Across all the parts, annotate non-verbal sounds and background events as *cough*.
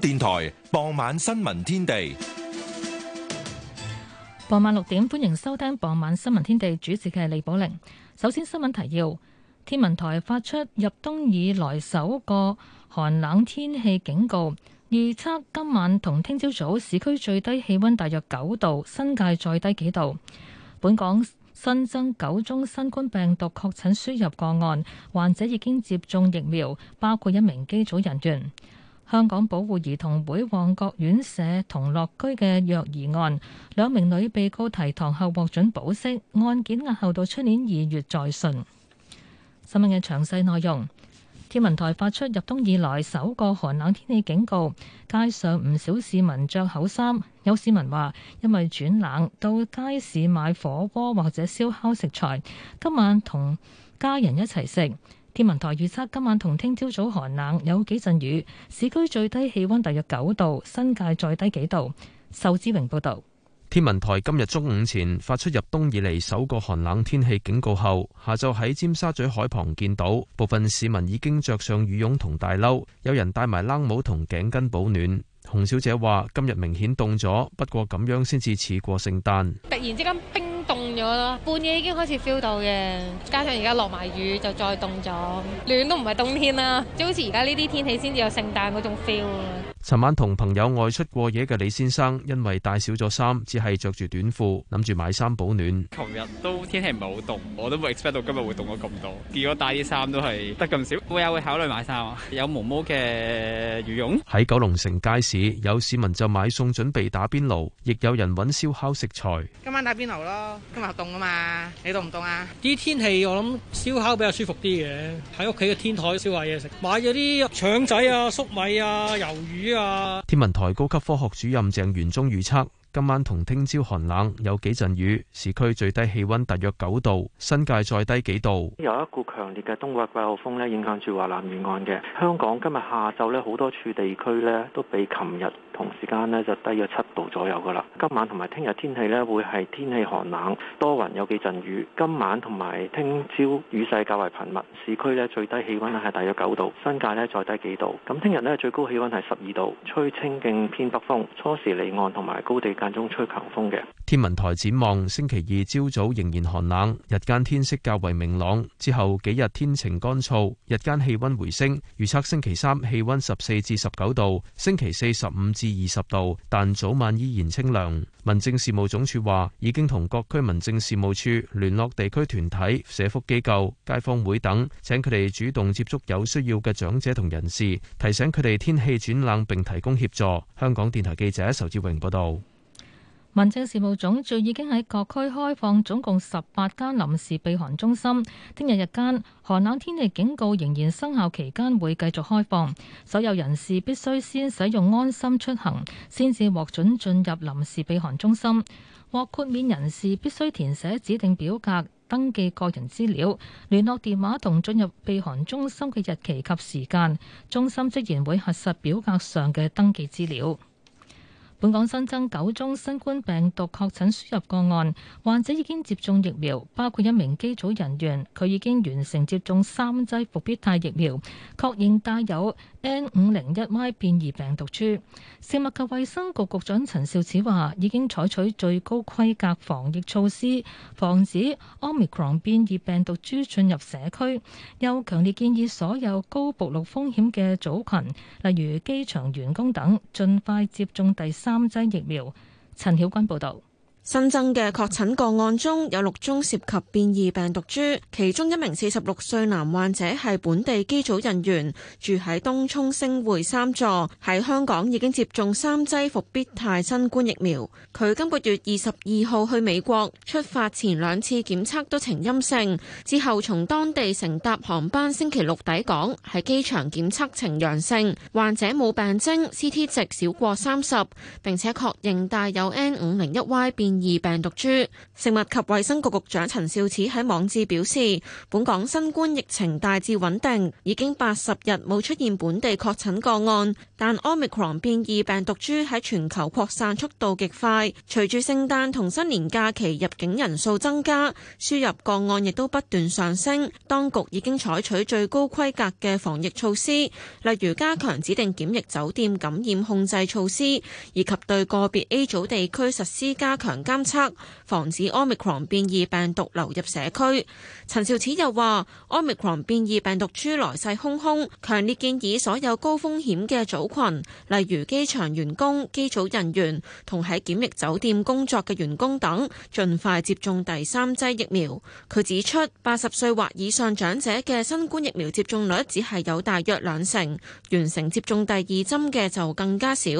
電台傍晚新聞天地，傍晚六點歡迎收聽傍晚新聞天地，主持嘅李寶玲。首先，新聞提要：天文台發出入冬以來首個寒冷天氣警告，預測今晚同聽朝早市區最低氣温大約九度，新界再低幾度。本港新增九宗新冠病毒確診輸入個案，患者，已經接種疫苗，包括一名機組人員。香港保護兒童會旺角院舍同樂居嘅虐兒案，兩名女被告提堂後獲准保釋，案件押後到出年二月再訊。新聞嘅詳細內容，天文台發出入冬以來首個寒冷天氣警告，街上唔少市民着厚衫。有市民話，因為轉冷，到街市買火鍋或者燒烤食材，今晚同家人一齊食。天文台預測今晚同聽朝早寒冷，有幾陣雨。市區最低氣温大約九度，新界再低幾度。壽志榮報導。天文台今日中午前發出入冬以嚟首個寒冷天氣警告後，下晝喺尖沙咀海旁見到部分市民已經着上羽絨同大褸，有人戴埋冷帽同頸巾保暖。洪小姐話：今日明顯凍咗，不過咁樣先至似過聖誕。突然之間冰凍咗咯，半夜已經開始 feel 到嘅，加上而家落埋雨就再凍咗，暖都唔係冬天啦，即好似而家呢啲天氣先至有聖誕嗰種 feel。尋晚同朋友外出過夜嘅李先生，因為帶少咗衫，只係着住短褲，諗住買衫保暖。琴日都天氣唔係好凍，我都冇 expect 到今日會凍咗咁多。如果帶啲衫都係得咁少，我也會考慮買衫。啊。 *laughs* 有毛毛嘅羽絨。喺九龍城街市，有市民就買餸準備打邊爐，亦有人搵燒烤食材。今晚打邊爐咯，今日凍啊嘛，你凍唔凍啊？啲天氣，我諗燒烤比較舒服啲嘅，喺屋企嘅天台燒下嘢食，買咗啲腸仔啊、粟米啊、魷魚。天文台高級科學主任鄭元忠預測。今晚同聽朝寒冷，有幾陣雨，市區最低氣温大約九度，新界再低幾度。有一股強烈嘅東季季候風呢，影響住華南沿岸嘅香港，今日下晝呢，好多處地區呢都比琴日同時間呢就低咗七度左右㗎喇。今晚同埋聽日天氣呢，會係天氣寒冷，多雲有幾陣雨。今晚同埋聽朝雨勢較為頻密，市區呢最低氣温咧係大約九度，新界呢再低幾度。咁聽日呢，最高氣温係十二度，吹清勁偏北風，初時離岸同埋高地中吹強風嘅。天文台展望，星期二朝早仍然寒冷，日間天色較為明朗。之後幾日天晴乾燥，日間氣溫回升。預測星期三氣溫十四至十九度，星期四十五至二十度，但早晚依然清涼。民政事務總署話，已經同各區民政事務處聯絡地區團體、社福機構、街坊會等，請佢哋主動接觸有需要嘅長者同人士，提醒佢哋天氣轉冷，並提供協助。香港電台記者仇志榮報道。民政事務總署已經喺各區開放總共十八間臨時避寒中心。聽日日間寒冷天氣警告仍然生效期間，會繼續開放。所有人士必須先使用安心出行，先至獲准進入臨時避寒中心。獲豁免人士必須填寫指定表格，登記個人資料、聯絡電話同進入避寒中心嘅日期及時間。中心職員會核實表格上嘅登記資料。本港新增九宗新冠病毒確診輸入個案，患者已經接種疫苗，包括一名機組人員，佢已經完成接種三劑伏必泰疫苗，確認帶有 N 五零一 Y 變異病毒株。食物及衛生局局長陳肇始話，已經採取最高規格防疫措施，防止 omicron 變異病毒株進入社區，又強烈建議所有高暴露風險嘅組群，例如機場員工等，盡快接種第三三針疫苗，陳曉君報道。新增嘅確診個案中有六宗涉及變異病毒株，其中一名四十六歲男患者係本地機組人員，住喺東涌星匯三座，喺香港已經接種三劑復必泰新冠疫苗。佢今個月二十二號去美國，出發前兩次檢測都呈陰性，之後從當地乘搭航班星期六抵港，喺機場檢測呈陽性。患者冇病徵，CT 值少過三十，並且確認帶有 N 五零一 Y 變變異病毒株。食物及衛生局局長陳肇始喺網誌表示，本港新冠疫情大致穩定，已經八十日冇出現本地確診個案。但 Omicron 變異病毒株喺全球擴散速度極快，隨住聖誕同新年假期入境人數增加，輸入個案亦都不斷上升。當局已經採取最高規格嘅防疫措施，例如加強指定檢疫酒店感染控制措施，以及對個別 A 組地區實施加強監測，防止奧密克戎變異病毒流入社區。陳肇始又話：奧密克戎變異病毒株來勢洶洶，強烈建議所有高風險嘅組群，例如機場員工、機組人員同喺檢疫酒店工作嘅員工等，盡快接種第三劑疫苗。佢指出，八十歲或以上長者嘅新冠疫苗接種率只係有大約兩成，完成接種第二針嘅就更加少。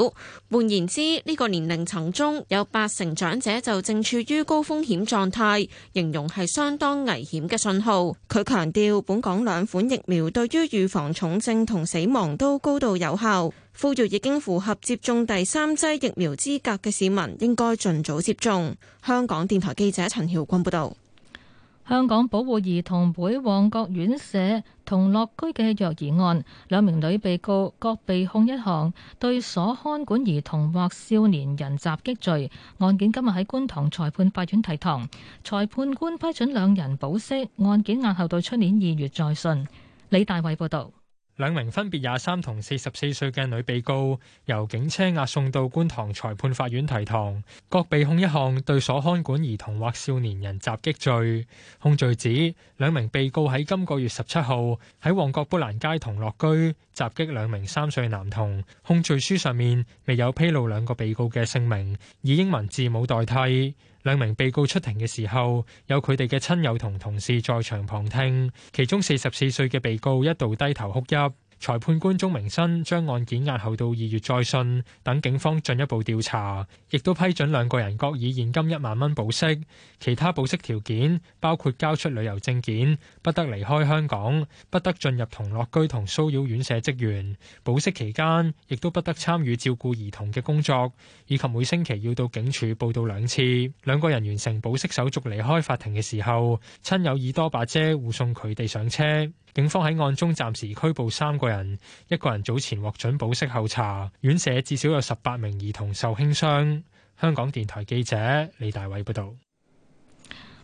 換言之，呢、這個年齡層中有八成長者，就正處於高風險狀態，形容係相當危險嘅信號。佢強調，本港兩款疫苗對於預防重症同死亡都高度有效，呼籲已經符合接種第三劑疫苗資格嘅市民應該盡早接種。香港電台記者陳曉君報道。香港保護兒童會旺角院舍同樂居嘅虐兒案，兩名女被告各被控一項對所看管兒童或少年人襲擊罪。案件今日喺觀塘裁判法院提堂，裁判官批准兩人保釋，案件押後到出年二月再訊。李大衛報道。兩名分別廿三同四十四歲嘅女被告，由警車押送到觀塘裁判法院提堂，各被控一項對所看管兒童或少年人襲擊罪。控罪指兩名被告喺今個月十七號喺旺角砵蘭街同樂居襲擊兩名三歲男童。控罪書上面未有披露兩個被告嘅姓名，以英文字母代替。兩名被告出庭嘅時候，有佢哋嘅親友同同事在場旁聽，其中四十四歲嘅被告一度低頭哭泣。裁判官鍾明新將案件押後到二月再訊，等警方進一步調查，亦都批准兩個人各以現金一萬蚊保釋。其他保釋條件包括交出旅遊證件、不得離開香港、不得進入同樂居同騷擾院舍職員。保釋期間，亦都不得參與照顧兒童嘅工作，以及每星期要到警署報到兩次。兩個人完成保釋手續離開法庭嘅時候，親友以多把遮護送佢哋上車。警方喺案中暫時拘捕三個人，一個人早前獲准保釋候查。院舍至少有十八名兒童受輕傷。香港電台記者李大偉報導。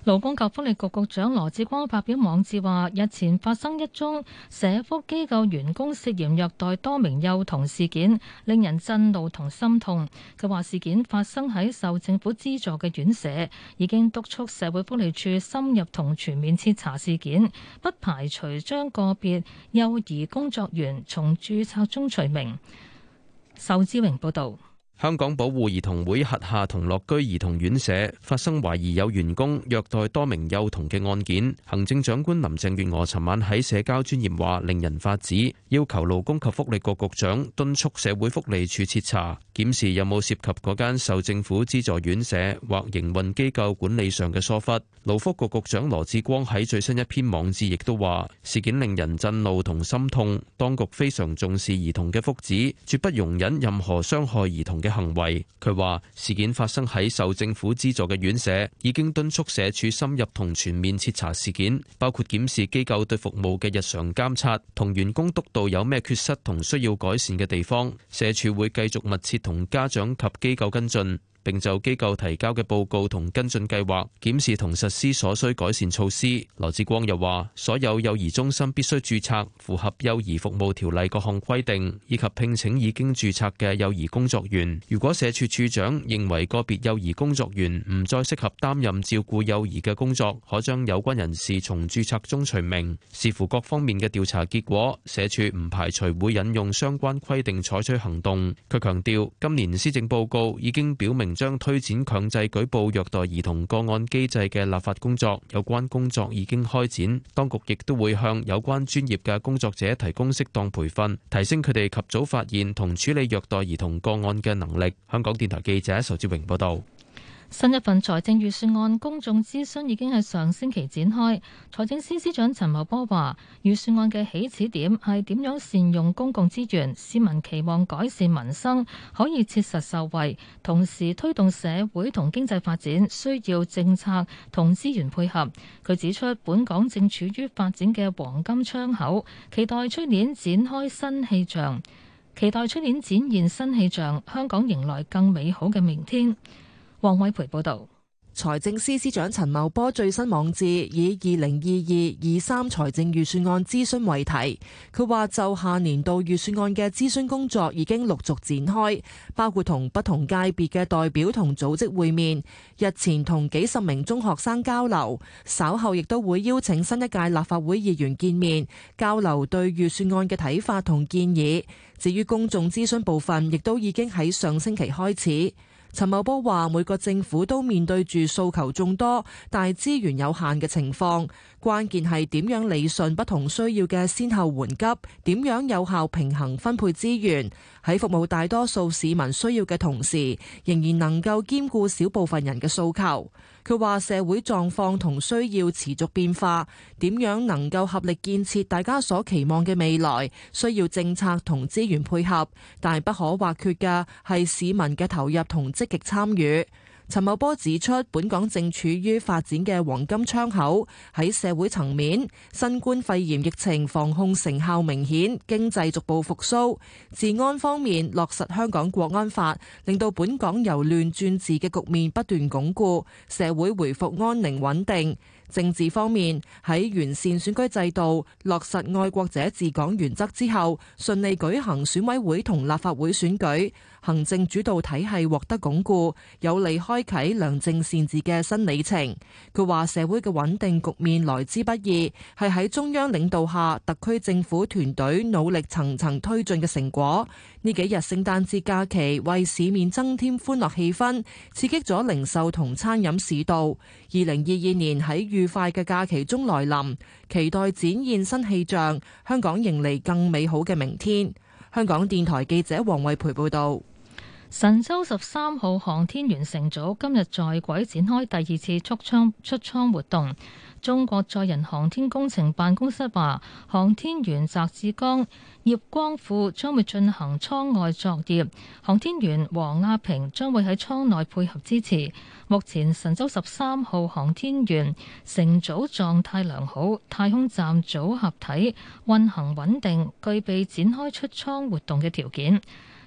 勞工及福利局局長羅志光發表網誌話：日前發生一宗社福機構員工涉嫌虐待多名幼童事件，令人震怒同心痛。佢話事件發生喺受政府資助嘅院舍，已經督促社會福利署深入同全面徹查事件，不排除將個別幼兒工作員從註冊中除名。仇志榮報道。香港保護兒童會轄下同樂居兒童院舍發生懷疑有員工虐待多名幼童嘅案件，行政長官林鄭月娥尋晚喺社交專頁話令人發指，要求勞工及福利局局長敦促社會福利處徹查，檢視有冇涉及嗰間受政府資助院舍或營運機構管理上嘅疏忽。勞福局局長羅致光喺最新一篇網誌亦都話，事件令人震怒同心痛，當局非常重視兒童嘅福祉，絕不容忍任何傷害兒童嘅行為，佢話事件發生喺受政府資助嘅院舍，已經敦促社署深入同全面徹查事件，包括檢視機構對服務嘅日常監察同員工督導有咩缺失同需要改善嘅地方，社署會繼續密切同家長及機構跟進。並就機構提交嘅報告同跟進計劃，檢視同實施所需改善措施。羅志光又話：所有幼兒中心必須註冊符合《幼兒服務條例》各項規定，以及聘請已經註冊嘅幼兒工作員。如果社署署長認為個別幼兒工作員唔再適合擔任照顧幼兒嘅工作，可將有關人士從註冊中除名。視乎各方面嘅調查結果，社署唔排除會引用相關規定採取行動。佢強調，今年施政報告已經表明，將推展強制舉報虐待兒童個案機制嘅立法工作，有關工作已經開展，當局亦都會向有關專業嘅工作者提供適當培訓，提升佢哋及早發現同處理虐待兒童個案嘅能力。香港電台記者仇志榮報道。新一份財政預算案公眾諮詢已經喺上星期展開。財政司司長陳茂波話：預算案嘅起始點係點樣善用公共資源，市民期望改善民生可以切實受惠，同時推動社會同經濟發展需要政策同資源配合。佢指出，本港正處於發展嘅黃金窗口，期待出年展開新氣象，期待出年展現新氣象，香港迎來更美好嘅明天。黃偉培報道，財政司司長陳茂波最新網誌以二零二二二三財政預算案諮詢為題，佢話就下年度預算案嘅諮詢工作已經陸續展開，包括同不同界別嘅代表同組織會面，日前同幾十名中學生交流，稍後亦都會邀請新一屆立法會議員見面，交流對預算案嘅睇法同建議。至於公眾諮詢部分，亦都已經喺上星期開始。陳茂波話：每個政府都面對住訴求眾多，但資源有限嘅情況，關鍵係點樣理順不同需要嘅先後緩急，點樣有效平衡分配資源。喺服務大多數市民需要嘅同時，仍然能夠兼顧少部分人嘅訴求。佢話社會狀況同需要持續變化，點樣能夠合力建設大家所期望嘅未來，需要政策同資源配合，但係不可或缺嘅係市民嘅投入同積極參與。陳茂波指出，本港正處於發展嘅黃金窗口。喺社會層面，新冠肺炎疫情防控成效明顯，經濟逐步復甦。治安方面，落實香港國安法，令到本港由亂轉治嘅局面不斷鞏固，社會回復安寧穩定。政治方面，喺完善選舉制度、落實愛國者治港原則之後，順利舉行選委會同立法會選舉，行政主導體系獲得鞏固，有利開啟良政善治嘅新里程。佢話社會嘅穩定局面來之不易，係喺中央領導下，特區政府團隊努力層層推進嘅成果。呢幾日聖誕節假期為市面增添歡樂氣氛，刺激咗零售同餐飲市道。二零二二年喺愉快嘅假期中來臨，期待展現新氣象，香港迎嚟更美好嘅明天。香港電台記者黃慧培報道。神舟十三號航天員乘組今日在軌展開第二次出艙出艙活動。中國載人航天工程辦公室話，航天員翟志剛、葉光富將會進行艙外作業，航天員王亞平將會喺艙內配合支持。目前神舟十三號航天員乘組狀態良好，太空站組合體運行穩定，具備展開出艙活動嘅條件。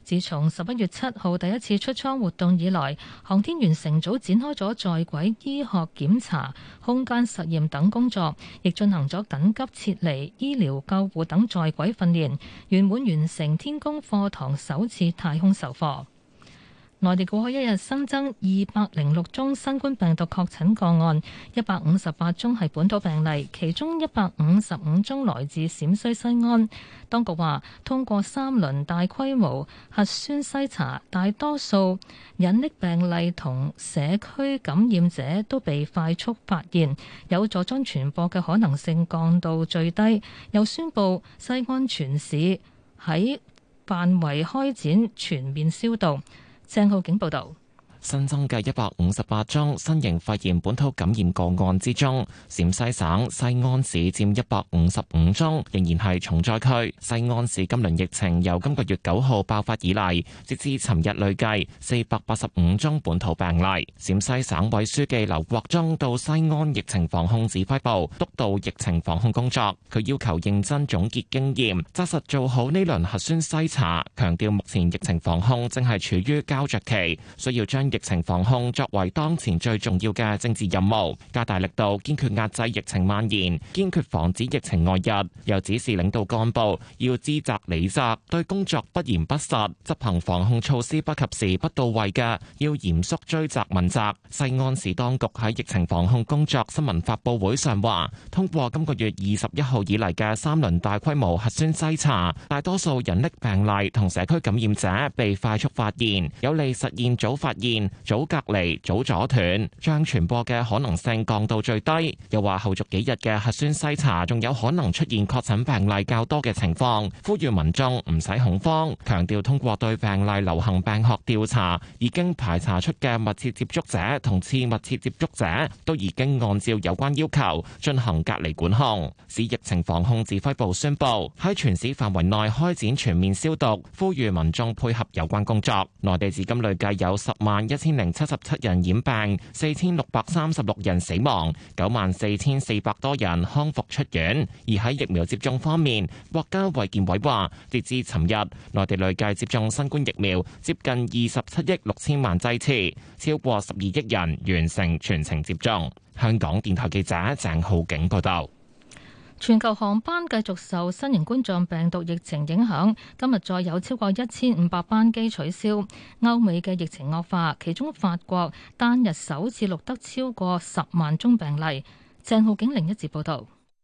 自從十一月七號第一次出艙活動以來，航天員乘組展開咗在軌醫學檢查、空間實驗等工作，亦進行咗緊急撤離、醫療救護等在軌訓練，圓滿完成天宮課堂首次太空授課。內地過去一日新增二百零六宗新冠病毒確診個案，一百五十八宗係本土病例，其中一百五十五宗來自陝西西安。當局話，通過三輪大規模核酸篩查，大多數隱匿病例同社區感染者都被快速發現，有助將傳播嘅可能性降到最低。又宣布西安全市喺範圍開展全面消毒。鄭浩景報道。新增嘅一百五十八宗新型肺炎本土感染個案之中，陝西省西安市佔一百五十五宗，仍然係重災區。西安市今輪疫情由今個月九號爆發以嚟，截至尋日累計四百八十五宗本土病例。陝西省委書記劉國中到西安疫情防控指揮部督導疫情防控工作，佢要求認真總結經驗，紮實做好呢輪核酸篩查，強調目前疫情防控正係處於膠著期，需要將疫情防控作為當前最重要嘅政治任務，加大力度堅決壓制疫情蔓延，堅決防止疫情外溢。又指示領導幹部要知責履責，對工作不嚴不實、執行防控措施不及時不到位嘅，要嚴肅追責問責。西安市當局喺疫情防控工作新聞發布會上話，通過今個月二十一號以嚟嘅三輪大規模核酸篩查，大多數人力病例同社區感染者被快速發現，有利實現早發現。早隔離、早阻斷，將傳播嘅可能性降到最低。又話後續幾日嘅核酸篩查仲有可能出現確診病例較多嘅情況，呼籲民眾唔使恐慌。強調通過對病例流行病學調查，已經排查出嘅密切接觸者同次密切接觸者都已經按照有關要求進行隔離管控。市疫情防控指揮部宣布喺全市範圍內開展全面消毒，呼籲民眾配合有關工作。內地至今累計有十萬，一千零七十七人染病，四千六百三十六人死亡，九萬四千四百多人康復出院。而喺疫苗接種方面，國家衛健委話，截至尋日，內地累計接種新冠疫苗接近二十七億六千萬劑次，超過十二億人完成全程接種。香港電台記者鄭浩景報道。全球航班繼續受新型冠狀病毒疫情影響，今日再有超過一千五百班機取消。歐美嘅疫情惡化，其中法國單日首次錄得超過十萬宗病例。鄭浩景另一節報道。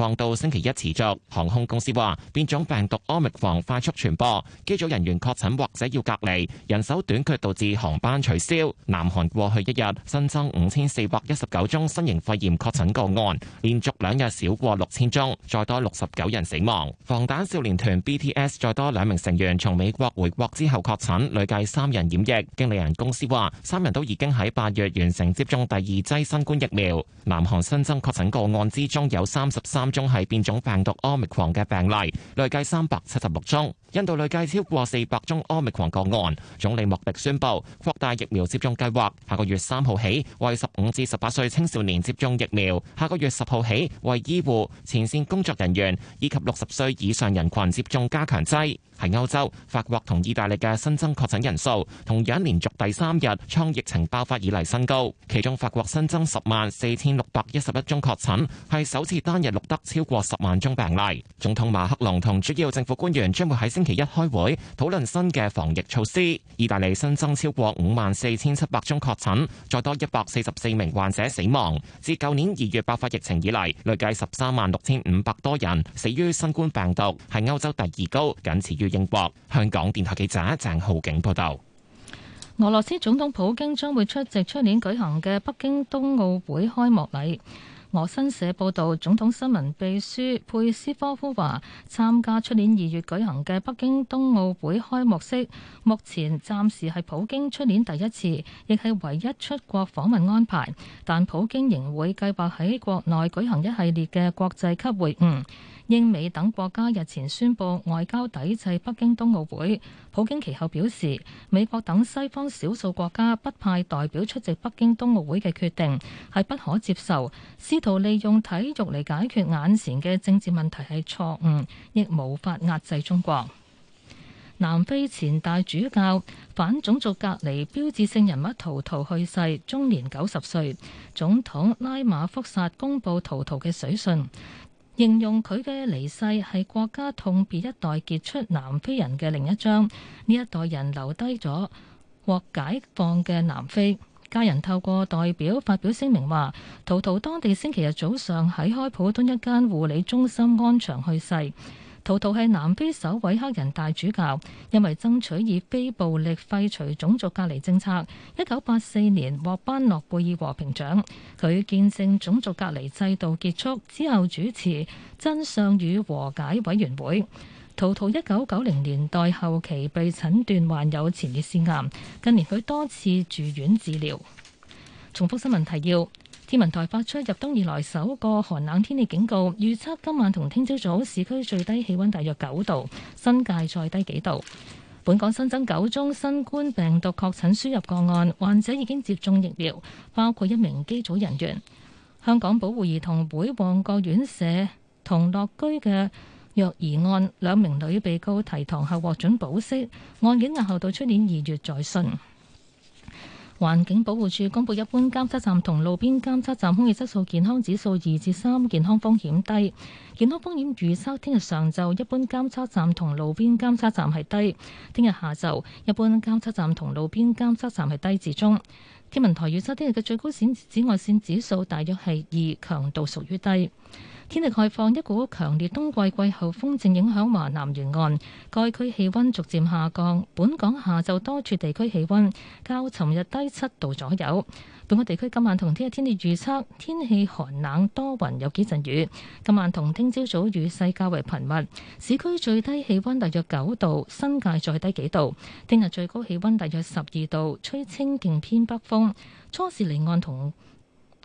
況到星期一持續。航空公司話變種病毒 Omicron 快速傳播，機組人員確診或者要隔離，人手短缺導致航班取消。南韓過去一日新增五千四百一十九宗新型肺炎確診個案，連續兩日少過六千宗，再多六十九人死亡。防彈少年團 BTS 再多兩名成員從美國回國之後確診，累計三人染疫。經理人公司話三人都已經喺八月完成接種第二劑新冠疫苗。南韓新增確診個案之中有三十三中係變種病毒 Omicron 嘅病例，累計三百七十六宗。印度累計超過四百宗 Omicron 個案。總理莫迪宣布擴大疫苗接種計劃，下個月三號起為十五至十八歲青少年接種疫苗，下個月十號起為醫護、前線工作人員以及六十歲以上人群接種加強劑。喺歐洲，法國同意大利嘅新增確診人數同樣連續第三日創疫情爆發以嚟新高，其中法國新增十萬四千六百一十一宗確診，係首次單日錄得超過十萬宗病例。總統馬克龍同主要政府官員將會喺星期一開會討論新嘅防疫措施。意大利新增超過五萬四千七百宗確診，再多一百四十四名患者死亡。自舊年二月爆發疫情以嚟，累計十三萬六千五百多人死於新冠病毒，係歐洲第二高，僅次於。英國。香港電台記者鄭浩景報道，俄羅斯總統普京將會出席出年舉行嘅北京冬奧會開幕禮。俄新社報道，總統新聞秘書佩斯科夫話，參加出年二月舉行嘅北京冬奧會開幕式，目前暫時係普京出年第一次，亦係唯一出國訪問安排。但普京仍會計劃喺國內舉行一系列嘅國際級會晤。英美等國家日前宣布外交抵制北京冬奧會，普京其後表示，美國等西方少數國家不派代表出席北京冬奧會嘅決定係不可接受，試圖利用體育嚟解決眼前嘅政治問題係錯誤，亦無法壓制中國。南非前大主教、反種族隔離標誌性人物圖圖去世，終年九十歲。總統拉馬福薩公布圖圖嘅水訊。形容佢嘅離世係國家痛別一代傑出南非人嘅另一章，呢一代人留低咗獲解放嘅南非。家人透過代表發表聲明話，圖圖當地星期日早上喺開普敦一間護理中心安詳去世。圖圖係南非首位黑人大主教，因為爭取以非暴力廢除種族隔離政策，一九八四年獲頒諾貝爾和平獎。佢見證種族隔離制度結束之後，主持真相與和解委員會。圖圖一九九零年代後期被診斷患有前列腺癌，近年佢多次住院治療。重複新聞提要。天文台發出入冬以來首個寒冷天氣警告，預測今晚同聽朝早市區最低氣温大約九度，新界再低幾度。本港新增九宗新冠病毒確診輸入個案，患者已經接種疫苗，包括一名機組人員。香港保護兒童會旺角院舍童樂居嘅虐兒案，兩名女被告提堂後獲准保釋，案件押後到出年二月再訊。環境保護署公布一般監測站同路邊監測站空氣質素健康指數二至三，健康風險低。健康風險預測：聽日上晝一般監測站同路邊監測站係低，聽日下晝一般監測站同路邊監測站係低至中。天文台預測聽日嘅最高線紫外線指數大約係二，強度屬於低。天氣概況，一股強烈冬季季候風正影響華南沿岸，該區氣温逐漸下降。本港下晝多處地區氣温較尋日低七度左右。本港地區今晚同聽日天氣預測。天氣寒冷，多雲，有幾陣雨，今晚同聽朝早雨勢較為頻密。市區最低氣溫大約九度，新界再低幾度。聽日最高氣溫大約十二度，吹清勁偏北風。初時離岸同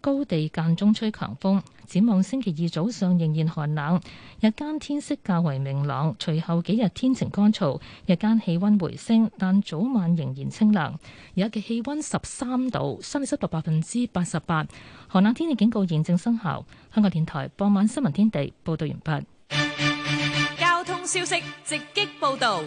高地間中吹強風，展望星期二早上仍然寒冷，日間天色較為明朗。隨後幾日天晴乾燥，日間氣温回升，但早晚仍然清涼。而家嘅氣温十三度，相對濕度百分之八十八，寒冷天氣警告現正生效。香港電台傍晚新聞天地報道完畢。交通消息直擊報道。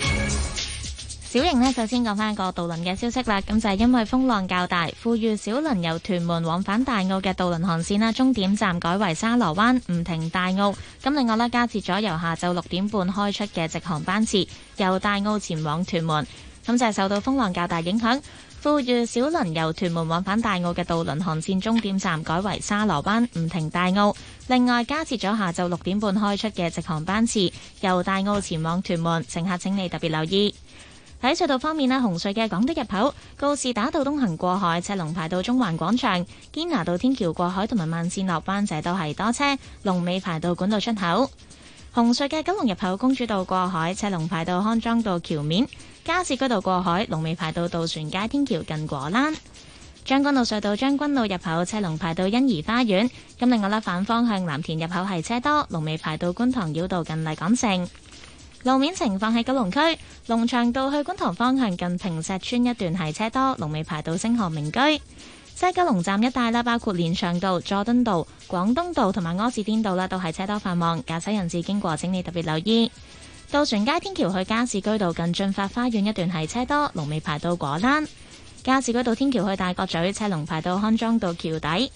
小瑩呢，首先講翻個渡輪嘅消息啦。咁就係、是、因為風浪較大，富裕小輪由屯門往返大澳嘅渡輪航線啦，終點站改為沙羅灣，唔停大澳。咁另外呢，加設咗由下晝六點半開出嘅直航班次，由大澳前往屯門。咁就係受到風浪較大影響，富裕小輪由屯門往返大澳嘅渡輪航線終點站改為沙羅灣，唔停大澳。另外加設咗下晝六點半開出嘅直航班次，由大澳前往屯門。乘客請你特別留意。喺隧道方面咧，紅隧嘅港島入口、告士打道東行過海、車龍排到中環廣場、堅拿道天橋過海同埋慢線落班者都係多車，龍尾排到管道出口。紅隧嘅九龍入口、公主道過海、車龍排到康莊道橋面、加士居道過海，龍尾排到渡船街天橋近果欄。將軍澳隧道將軍澳入口，車龍排到欣怡花園。咁另外咧，反方向藍田入口係車多，龍尾排到觀塘繞道近麗港城。路面情況，喺九龍區，龍翔道去觀塘方向，近坪石村一段係車多，龍尾排到星河名居。西九龍站一帶啦，包括連翔道、佐敦道、廣東道同埋柯士甸道啦，都係車多繁忙，駕駛人士經過，請你特別留意。渡船街天橋去加士居道近駿發花園一段係車多，龍尾排到果欄。加士居道天橋去大角咀，車龍排到康莊道橋底。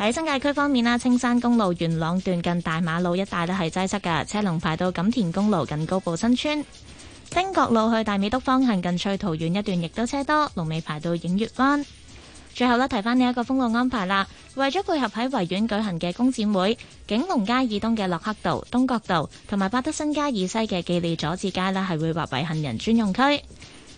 喺新界區方面啦，青山公路元朗段近大馬路一帶都係擠塞嘅，車龍排到錦田公路近高步新村。丁角路去大美督方向近翠桃園一段亦都車多，龍尾排到映月灣。最後呢，提翻呢一個封路安排啦，為咗配合喺維園舉行嘅工展會，景隆街以東嘅洛克道、東角道同埋百德新街以西嘅紀利佐治街呢係會劃為行人專用區。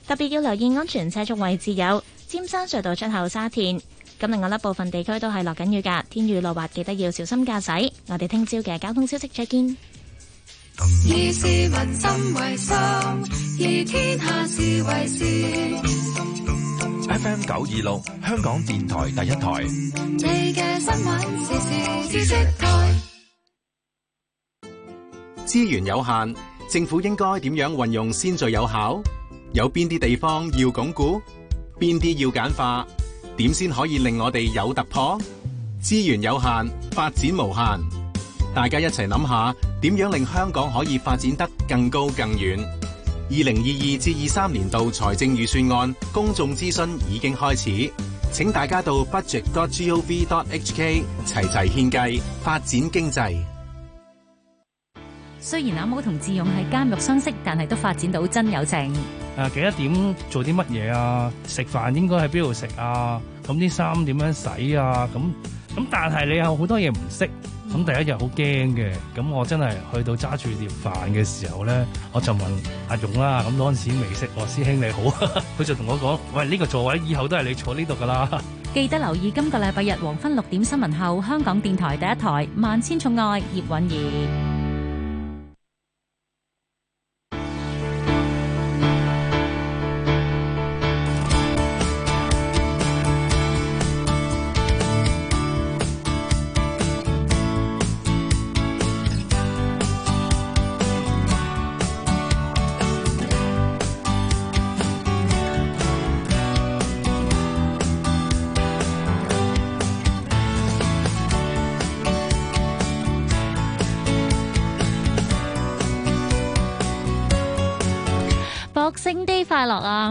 特別要留意安全車速位置，有尖山隧道出口沙田。咁另外咧，部分地區都係落緊雨㗎，天雨路滑，記得要小心駕駛。我哋聽朝嘅交通消息，再見。F M 九二六，香港電台第一台。世界新聞時事知識台。資源有限，政府應該點樣運用先最有效？有邊啲地方要鞏固？邊啲要簡化？點先可以令我哋有突破？資源有限，發展無限，大家一齊諗下，點樣令香港可以發展得更高更遠？二零二二至二三年度財政預算案公眾諮詢已經開始，請大家到 budget.gov.hk 齊齊獻計發展經濟。雖然阿武同志勇係監獄相識，但係都發展到真有情。誒、啊、幾多點做啲乜嘢啊？食飯應該喺邊度食啊？咁啲衫點樣洗啊？咁、啊、咁但係你有好多嘢唔識，咁、啊、第一日好驚嘅。咁、啊、我真係去到揸住碟飯嘅時候呢，我就問阿、啊、勇啦。咁、啊、當時未識，我師兄你好，佢 *laughs* 就同我講：喂，呢、呢個座位以後都係你坐呢度㗎啦。記得留意今個禮拜日黃昏六點新聞後，香港電台第一台《萬千寵愛》葉韻儀。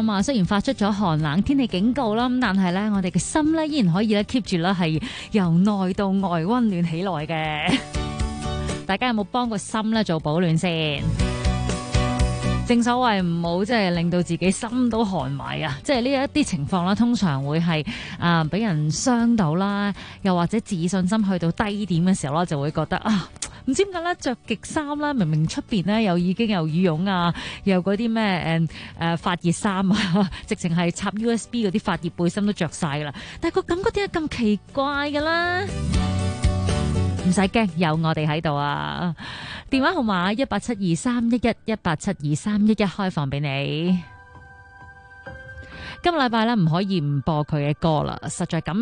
啊！雖然發出咗寒冷天氣警告啦，但係咧，我哋嘅心咧依然可以咧 keep 住咧係由內到外溫暖起來嘅。 *laughs* 大家有冇幫個心咧做保暖先？ *music* 正所謂唔好即係令到自己心都寒埋啊！即係呢一啲情況啦，通常會係啊俾人傷到啦，又或者自信心去到低點嘅時候咧，就會覺得啊。唔知點解咧，着極衫啦，明明出邊咧又已經有羽絨啊，又啲咩誒誒發熱衫啊，直情係插 USB 啲發熱背心都着晒啦，但係個感覺點解咁奇怪噶啦？唔使驚，有我哋喺度啊！電話號碼一八七二三一一一八七二三一一，開放俾你。今個禮拜咧，唔可以唔播佢嘅歌啦，實在感。